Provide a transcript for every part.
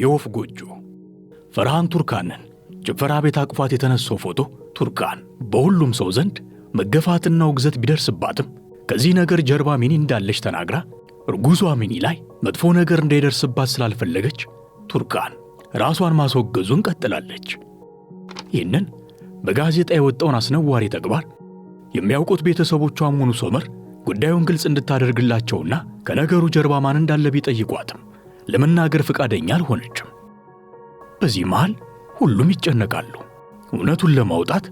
የወፍ ጎጆ ፈርሃን ቱርካንን ጭፈራ ቤት አቅፏት የተነሳው ፎቶ ቱርካን በሁሉም ሰው ዘንድ መገፋትና ውግዘት ቢደርስባትም ከዚህ ነገር ጀርባ ሚኒ እንዳለች ተናግራ እርጉዟ ሚኒ ላይ መጥፎ ነገር እንዳይደርስባት ስላልፈለገች ቱርካን ራሷን ማስወገዙን ቀጥላለች። ይህንን በጋዜጣ የወጣውን አስነዋሪ ተግባር የሚያውቁት ቤተሰቦቿም ሆኑ ሶመር ጉዳዩን ግልጽ እንድታደርግላቸውና ከነገሩ ጀርባ ማን እንዳለ ቢጠይቋትም ለመናገር ፈቃደኛ አልሆነችም። በዚህ መሃል ሁሉም ይጨነቃሉ። እውነቱን ለማውጣት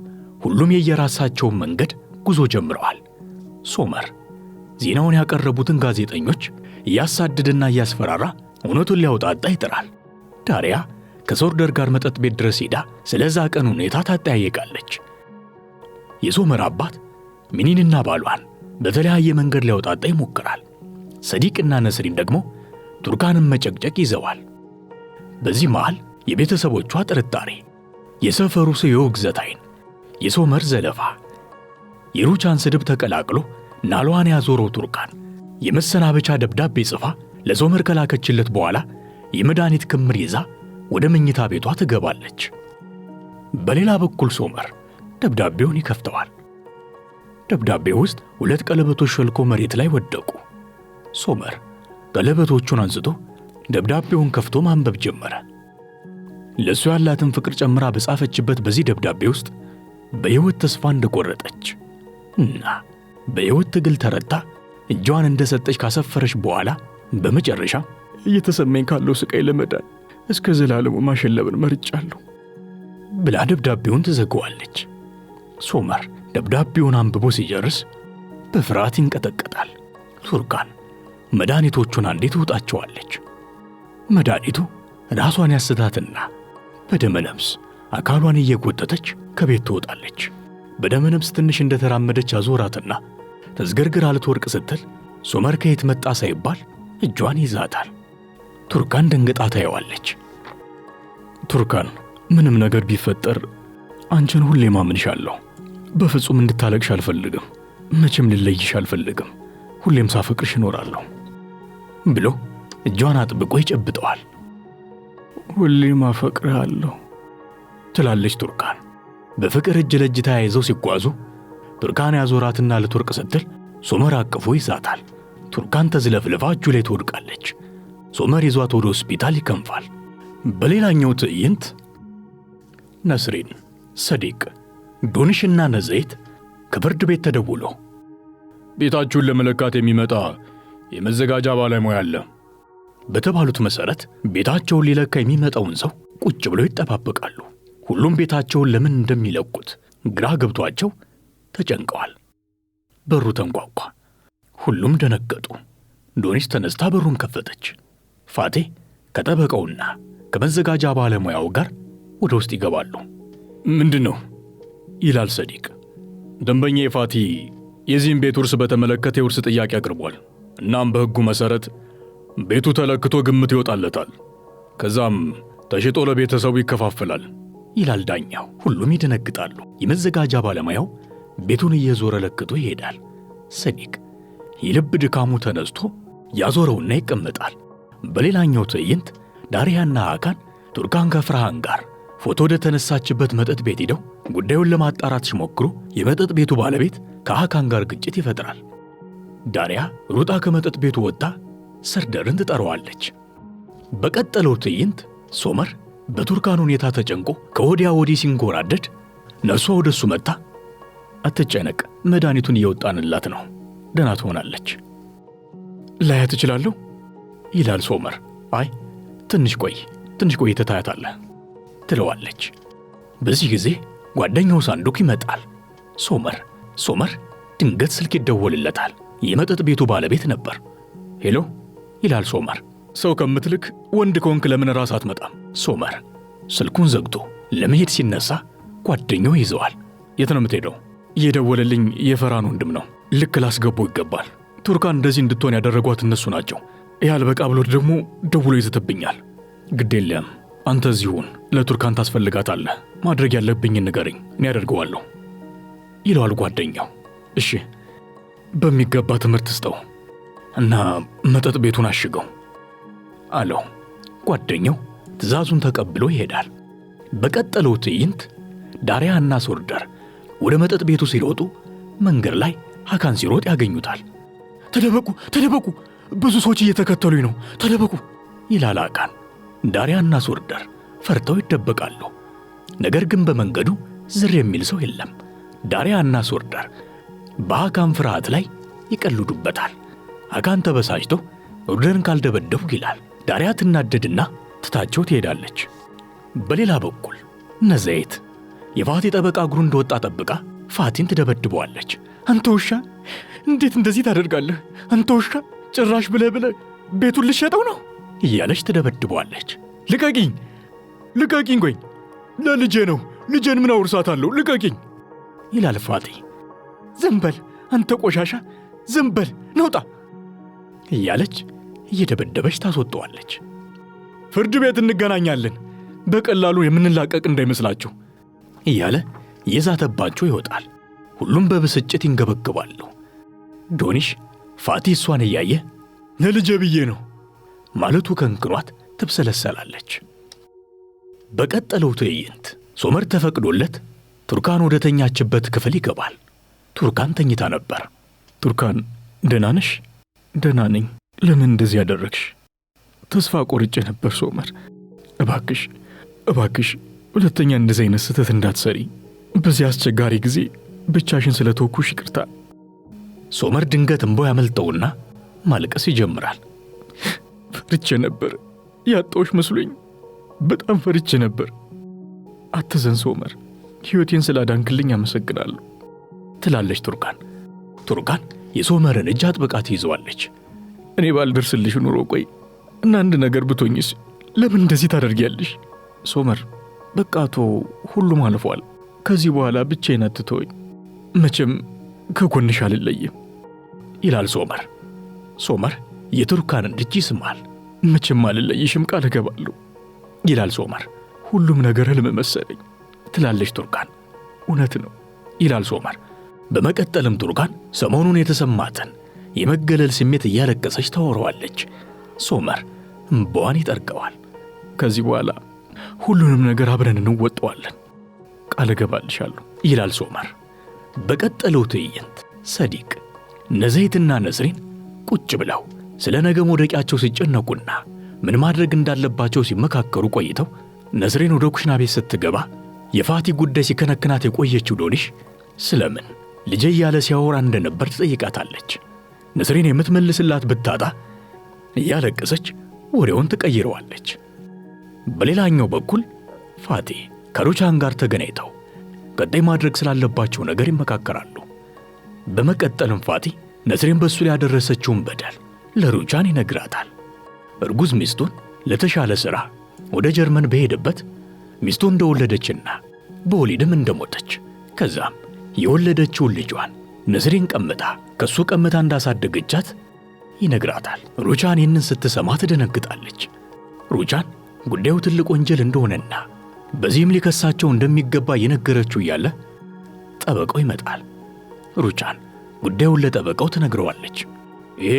ሁሉም የየራሳቸውን መንገድ ጉዞ ጀምረዋል። ሶመር ዜናውን ያቀረቡትን ጋዜጠኞች እያሳደደና እያስፈራራ እውነቱን ሊያውጣጣ ይጥራል። ዳሪያ ከሶርደር ጋር መጠጥ ቤት ድረስ ሄዳ ስለዛ ቀን ሁኔታ ታጠያየቃለች። የሶመር አባት ሚኒንና ባሏን በተለያየ መንገድ ሊያውጣጣ ይሞክራል። ሰዲቅና ነስሪን ደግሞ ቱርካንን መጨቅጨቅ ይዘዋል። በዚህ መሃል የቤተሰቦቿ ጥርጣሬ፣ የሰፈሩ ሰው ግዘት አይን፣ የሶመር ዘለፋ፣ የሩቻን ስድብ ተቀላቅሎ ናሏን ያዞረው ቱርካን የመሰናበቻ ደብዳቤ ጽፋ ለሶመር ከላከችለት በኋላ የመድኃኒት ክምር ይዛ ወደ መኝታ ቤቷ ትገባለች። በሌላ በኩል ሶመር ደብዳቤውን ይከፍተዋል። ደብዳቤው ውስጥ ሁለት ቀለበቶች ሸልኮ መሬት ላይ ወደቁ። ሶመር ቀለበቶቹን አንስቶ ደብዳቤውን ከፍቶ ማንበብ ጀመረ። ለእሱ ያላትን ፍቅር ጨምራ በጻፈችበት በዚህ ደብዳቤ ውስጥ በሕይወት ተስፋ እንደቆረጠች እና በሕይወት ትግል ተረታ እጇን እንደሰጠች ካሰፈረች በኋላ በመጨረሻ እየተሰማኝ ካለው ስቃይ ለመዳን እስከ ዘላለሙ ማሸለብን መርጫለሁ ብላ ደብዳቤውን ትዘግዋለች። ሶመር ደብዳቤውን አንብቦ ሲጨርስ በፍርሃት ይንቀጠቀጣል። ቱርካን መድኃኒቶቹን አንዴ ትውጣቸዋለች። መድኃኒቱ ራሷን ያስታትና በደመ ነፍስ አካሏን እየጎተተች ከቤት ትወጣለች። በደመ ነፍስ ትንሽ እንደተራመደች አዞራትና ተዝገርግራ ልትወድቅ ስትል ሶመር ከየት መጣ ሳይባል እጇን ይዛታል። ቱርካን ደንግጣ ታየዋለች። ቱርካን፣ ምንም ነገር ቢፈጠር አንቺን ሁሌ ማምንሻለሁ። በፍጹም እንድታለቅሽ አልፈልግም። መቼም ልለይሽ አልፈልግም። ሁሌም ሳፈቅርሽ እኖራለሁ። ብሎ እጇን አጥብቆ ይጨብጠዋል። ሁሌም አፈቅርሃለሁ ትላለች ቱርካን። በፍቅር እጅ ለእጅ ተያይዘው ሲጓዙ ቱርካን ያዞራትና ልትወርቅ ስትል ሶመር አቅፎ ይዛታል። ቱርካን ተዝለፍልፋ እጁ ላይ ትወድቃለች። ሶመር ይዟት ወደ ሆስፒታል ይከንፋል። በሌላኛው ትዕይንት ነስሪን፣ ሰዲቅ፣ ዶንሽና ነዘይት ከፍርድ ቤት ተደውሎ ቤታችሁን ለመለካት የሚመጣ የመዘጋጃ ባለሙያ አለ በተባሉት መሰረት ቤታቸውን ሊለካ የሚመጣውን ሰው ቁጭ ብለው ይጠባበቃሉ። ሁሉም ቤታቸውን ለምን እንደሚለቁት ግራ ገብቷቸው ተጨንቀዋል። በሩ ተንኳኳ። ሁሉም ደነገጡ። ዶኒስ ተነስታ በሩን ከፈተች። ፋቴ ከጠበቀውና ከመዘጋጃ ባለሙያው ጋር ወደ ውስጥ ይገባሉ። ምንድን ነው ይላል ሰዲቅ። ደንበኛ የፋቲ የዚህም ቤት ውርስ በተመለከተ የውርስ ጥያቄ አቅርቧል። እናም በሕጉ መሠረት ቤቱ ተለክቶ ግምት ይወጣለታል። ከዛም ተሽጦ ለቤተሰቡ ይከፋፈላል ይላል ዳኛው። ሁሉም ይደነግጣሉ። የመዘጋጃ ባለሙያው ቤቱን እየዞረ ለክቶ ይሄዳል። ሰኒክ የልብ ድካሙ ተነስቶ ያዞረውና ይቀመጣል። በሌላኛው ትዕይንት ዳሪያና አካን ቱርካን ከፍርሃን ጋር ፎቶ ወደ ተነሳችበት መጠጥ ቤት ሄደው ጉዳዩን ለማጣራት ሲሞክሩ የመጠጥ ቤቱ ባለቤት ከአካን ጋር ግጭት ይፈጥራል። ዳሪያ ሩጣ ከመጠጥ ቤቱ ወጥታ ሰርደርን ትጠራዋለች። በቀጠለው ትዕይንት ሶመር በቱርካን ሁኔታ ተጨንቆ ከወዲያ ወዲህ ሲንጎራደድ ነርሷ ወደ እሱ መጥታ አትጨነቅ፣ መድኃኒቱን እየወጣንላት ነው፣ ደህና ትሆናለች። ላያ ትችላለሁ ይላል ሶመር። አይ ትንሽ ቆይ ትንሽ ቆይ ትታያታለህ ትለዋለች። በዚህ ጊዜ ጓደኛው ሳንዱክ ይመጣል። ሶመር ሶመር ድንገት ስልክ ይደወልለታል። የመጠጥ ቤቱ ባለቤት ነበር። ሄሎ ይላል ሶመር። ሰው ከምትልክ ወንድ ከሆንክ ለምን ራስ አትመጣም? ሶመር ስልኩን ዘግቶ ለመሄድ ሲነሳ ጓደኛው ይዘዋል። የት ነው የምትሄደው? የደወለልኝ የፈራን ወንድም ነው። ልክ ላስገቡ ይገባል። ቱርካን እንደዚህ እንድትሆን ያደረጓት እነሱ ናቸው። ያል በቃ ብሎት ደግሞ ደውሎ ይዘትብኛል። ግድ የለም አንተ እዚሁን፣ ለቱርካን ታስፈልጋታለህ። ማድረግ ያለብኝን ንገረኝ፣ እኔ ያደርገዋለሁ ይለዋል ጓደኛው። እሺ በሚገባ ትምህርት ስጠው እና መጠጥ ቤቱን አሽገው አለው። ጓደኛው ትዕዛዙን ተቀብሎ ይሄዳል። በቀጠለው ትዕይንት ዳሪያ እና ሶርደር ወደ መጠጥ ቤቱ ሲሮጡ መንገድ ላይ ሀካን ሲሮጥ ያገኙታል። ተደበቁ! ተደበቁ! ብዙ ሰዎች እየተከተሉኝ ነው! ተደበቁ! ይላል አካን ዳሪያ እና ሶርደር ፈርተው ይደበቃሉ። ነገር ግን በመንገዱ ዝር የሚል ሰው የለም። ዳሪያ እና ሶርደር በአካን ፍርሃት ላይ ይቀልዱበታል። አካን ተበሳጭቶ ኦርደርን ካልደበደቡ ይላል። ዳሪያ ትናደድና ትታቸው ትሄዳለች። በሌላ በኩል ነዘይት የፋቲ ጠበቃ እግሩ እንደወጣ ጠብቃ ፋቲን ትደበድበዋለች። አንተ ውሻ እንዴት እንደዚህ ታደርጋለህ? አንተ ውሻ ጭራሽ ብለህ ብለህ ቤቱን ልሸጠው ነው እያለች ትደበድበዋለች። ልቀቂኝ፣ ልቀቂኝ፣ ጎኝ ለልጄ ነው ልጄን ምን አውርሳታለሁ? ልቀቂኝ ይላል ፋቲ። ዘንበል አንተ ቆሻሻ፣ ዘንበል ነውጣ እያለች እየደበደበች ታስወጠዋለች። ፍርድ ቤት እንገናኛለን፣ በቀላሉ የምንላቀቅ እንዳይመስላችሁ እያለ የዛተባቸው ይወጣል። ሁሉም በብስጭት ይንገበግባሉ። ዶኒሽ ፋቲ እሷን እያየ ለልጀ ብዬ ነው ማለቱ ከንክኗት ትብሰለሰላለች። በቀጠለው ትዕይንት ሶመር ተፈቅዶለት ቱርካን ወደ ተኛችበት ክፍል ይገባል። ቱርካን ተኝታ ነበር። ቱርካን ደህና ነሽ? ደህና ነኝ። ለምን እንደዚህ ያደረግሽ? ተስፋ ቆርጬ ነበር ሶመር። እባክሽ እባክሽ ሁለተኛ እንደዚህ አይነት ስህተት እንዳትሰሪ። በዚህ አስቸጋሪ ጊዜ ብቻሽን ተወኩሽ ይቅርታ። ሶመር ድንገት እንባው ያመልጠውና ማልቀስ ይጀምራል። ፈርቼ ነበር፣ ያጣሁሽ መስሎኝ በጣም ፈርቼ ነበር። አትዘን ሶመር፣ ሕይወቴን ስላዳንክልኝ አመሰግናለሁ። ትላለች ቱርካን። ቱርካን የሶመርን እጅ አጥብቃ ትይዘዋለች። እኔ ባልደርስልሽ ኑሮ ቆይ እና አንድ ነገር ብቶኝስ? ለምን እንደዚህ ታደርጊያለሽ? ሶመር በቃቶ ሁሉም አልፏል። ከዚህ በኋላ ብቻዬን አትተወኝ። መቼም ከጎንሽ አልለይም ይላል ሶመር። ሶመር የቱርካንን እጅ ይስማል። መቼም አልለይሽም ቃል እገባለሁ ይላል ሶመር። ሁሉም ነገር ህልም መሰለኝ ትላለች ቱርካን። እውነት ነው ይላል ሶመር። በመቀጠልም ቱርካን ሰሞኑን የተሰማትን የመገለል ስሜት እያለቀሰች ታወራዋለች። ሶመር እምባዋን ይጠርቀዋል። ከዚህ በኋላ ሁሉንም ነገር አብረን እንወጠዋለን ቃል እገባልሻለሁ ይላል ሶመር። በቀጠለው ትዕይንት ሰዲቅ ነዘይትና ነስሪን ቁጭ ብለው ስለ ነገ መውደቂያቸው ሲጨነቁና ምን ማድረግ እንዳለባቸው ሲመካከሩ ቆይተው ነስሪን ወደ ኩሽና ቤት ስትገባ የፋቲ ጉዳይ ሲከነክናት የቆየችው ዶኒሽ ስለምን ልጄ እያለ ሲያወራ እንደነበር ትጠይቃታለች። ንስሪን የምትመልስላት ብታጣ እያለቀሰች ወሬውን ትቀይረዋለች። በሌላኛው በኩል ፋቴ ከሩቻን ጋር ተገናኝተው ቀጣይ ማድረግ ስላለባቸው ነገር ይመካከራሉ። በመቀጠልም ፋቲ ነስሬን በእሱ ላይ ያደረሰችውን በደል ለሩቻን ይነግራታል። እርጉዝ ሚስቱን ለተሻለ ሥራ ወደ ጀርመን በሄደበት ሚስቱ እንደወለደችና በወሊድም እንደሞተች ከዛም የወለደችውን ልጇን ንስሪን ቀምጣ ከሱ ቀምታ እንዳሳደገቻት ይነግራታል። ሩቻን ይህንን ስትሰማ ትደነግጣለች። ሩቻን ጉዳዩ ትልቅ ወንጀል እንደሆነና በዚህም ሊከሳቸው እንደሚገባ የነገረችው እያለ ጠበቃው ይመጣል። ሩቻን ጉዳዩን ለጠበቃው ትነግረዋለች። ይሄ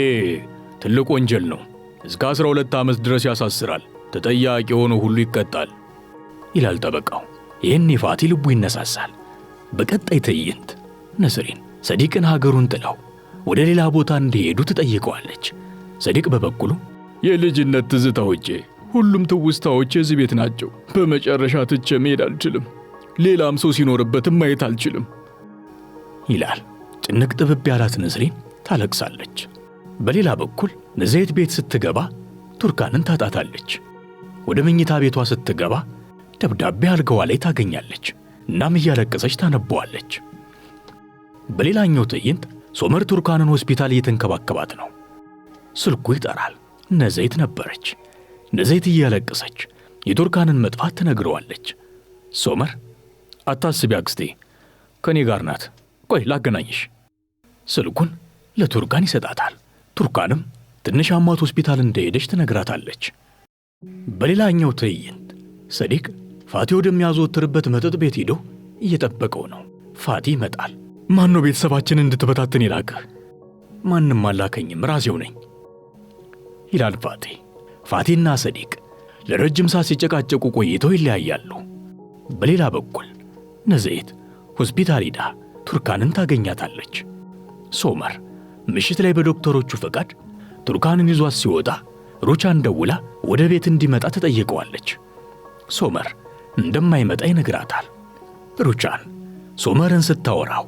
ትልቅ ወንጀል ነው፣ እስከ ሁለት ዓመት ድረስ ያሳስራል፣ ተጠያቂ የሆነ ሁሉ ይቀጣል ይላል ጠበቃው። ይህን ፋቲ ልቡ ይነሳሳል። በቀጣይ ትዕይንት ነስሪን ሰዲቅን ሀገሩን ጥለው ወደ ሌላ ቦታ እንዲሄዱ ትጠይቀዋለች። ሰዲቅ በበኩሉ የልጅነት ትዝታዎቼ ሁሉም ትውስታዎች እዚህ ቤት ናቸው። በመጨረሻ ትቼ መሄድ አልችልም። ሌላም ሰው ሲኖርበትም ማየት አልችልም ይላል። ጭንቅ ጥብብ ያላት ነስሪን ታለቅሳለች። በሌላ በኩል ንዘይት ቤት ስትገባ ቱርካንን ታጣታለች። ወደ መኝታ ቤቷ ስትገባ ደብዳቤ አልጋዋ ላይ ታገኛለች። እናም እያለቀሰች ታነበዋለች። በሌላኛው ትዕይንት ሶመር ቱርካንን ሆስፒታል እየተንከባከባት ነው። ስልኩ ይጠራል። ነዘይት ነበረች። ነዘይት እያለቀሰች የቱርካንን መጥፋት ትነግረዋለች። ሶመር አታስቢ አክስቴ ከእኔ ጋር ናት፣ ቆይ ላገናኝሽ። ስልኩን ለቱርካን ይሰጣታል። ቱርካንም ትንሽ አማት ሆስፒታል እንደሄደች ትነግራታለች። በሌላኛው ትዕይንት ሰዲቅ ፋቲ ወደሚያዘወትርበት መጠጥ ቤት ሄዶ እየጠበቀው ነው። ፋቲ ይመጣል። ማን ነው ቤተሰባችንን እንድትበታትን የላከህ? ማንም አላከኝም ራሴው ነኝ ይላል ፋቲ። ፋቲና ሰዲቅ ለረጅም ሰዓት ሲጨቃጨቁ ቆይተው ይለያያሉ። በሌላ በኩል ነዘይት ሆስፒታል ሄዳ ቱርካንን ታገኛታለች። ሶመር ምሽት ላይ በዶክተሮቹ ፈቃድ ቱርካንን ይዟት ሲወጣ ሩቻን ደውላ ወደ ቤት እንዲመጣ ተጠይቀዋለች። ሶመር እንደማይመጣ ይነግራታል። ሩቻን ሶመርን ስታወራው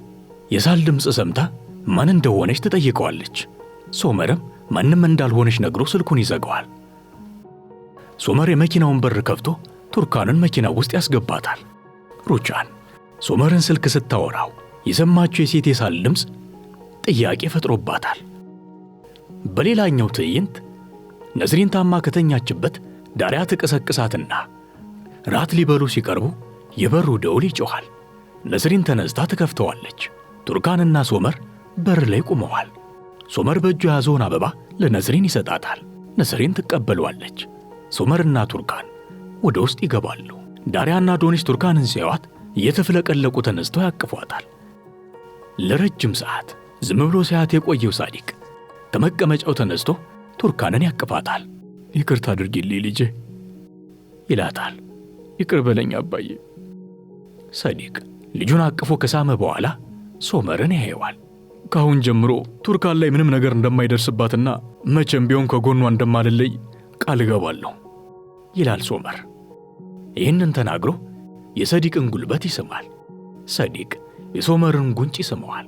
የሳል ድምፅ ሰምታ ማን እንደሆነች ትጠይቀዋለች። ሶመርም ማንም እንዳልሆነች ነግሮ ስልኩን ይዘጋዋል። ሶመር የመኪናውን በር ከፍቶ ቱርካንን መኪናው ውስጥ ያስገባታል። ሩቻን ሶመርን ስልክ ስታወራው የሰማችው የሴት የሳል ድምፅ ጥያቄ ፈጥሮባታል። በሌላኛው ትዕይንት ነዝሪን ታማ ከተኛችበት ዳሪያ ትቀሰቅሳትና ራት ሊበሉ ሲቀርቡ የበሩ ደውል ይጮኋል። ነስሪን ተነስታ ትከፍተዋለች። ቱርካንና ሶመር በር ላይ ቆመዋል። ሶመር በእጁ የያዘውን አበባ ለነስሪን ይሰጣታል። ነስሪን ትቀበለዋለች። ሶመርና ቱርካን ወደ ውስጥ ይገባሉ። ዳሪያና ዶኒስ ቱርካንን ሲያዩት እየተፍለቀለቁ ተነስተው ያቅፏታል። ለረጅም ሰዓት ዝም ብሎ ሲያት የቆየው ሳዲቅ ከመቀመጫው ተነስቶ ቱርካንን ያቅፋታል። ይቅርታ አድርጊልኝ ልጄ ይላታል። ይቅር በለኝ አባዬ። ሰዲቅ ልጁን አቅፎ ከሳመ በኋላ ሶመርን ያየዋል። ከአሁን ጀምሮ ቱርካን ላይ ምንም ነገር እንደማይደርስባትና መቼም ቢሆን ከጎኗ እንደማልለይ ቃል እገባለሁ ይላል ሶመር። ይህንን ተናግሮ የሰዲቅን ጉልበት ይስማል። ሰዲቅ የሶመርን ጉንጭ ይስመዋል።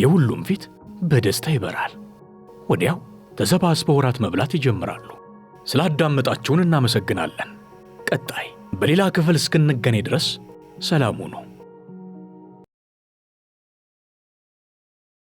የሁሉም ፊት በደስታ ይበራል። ወዲያው ተሰባስበው እራት መብላት ይጀምራሉ። ስላዳመጣችሁን እናመሰግናለን። ቀጣይ በሌላ ክፍል እስክንገኔ ድረስ ሰላሙ ነው።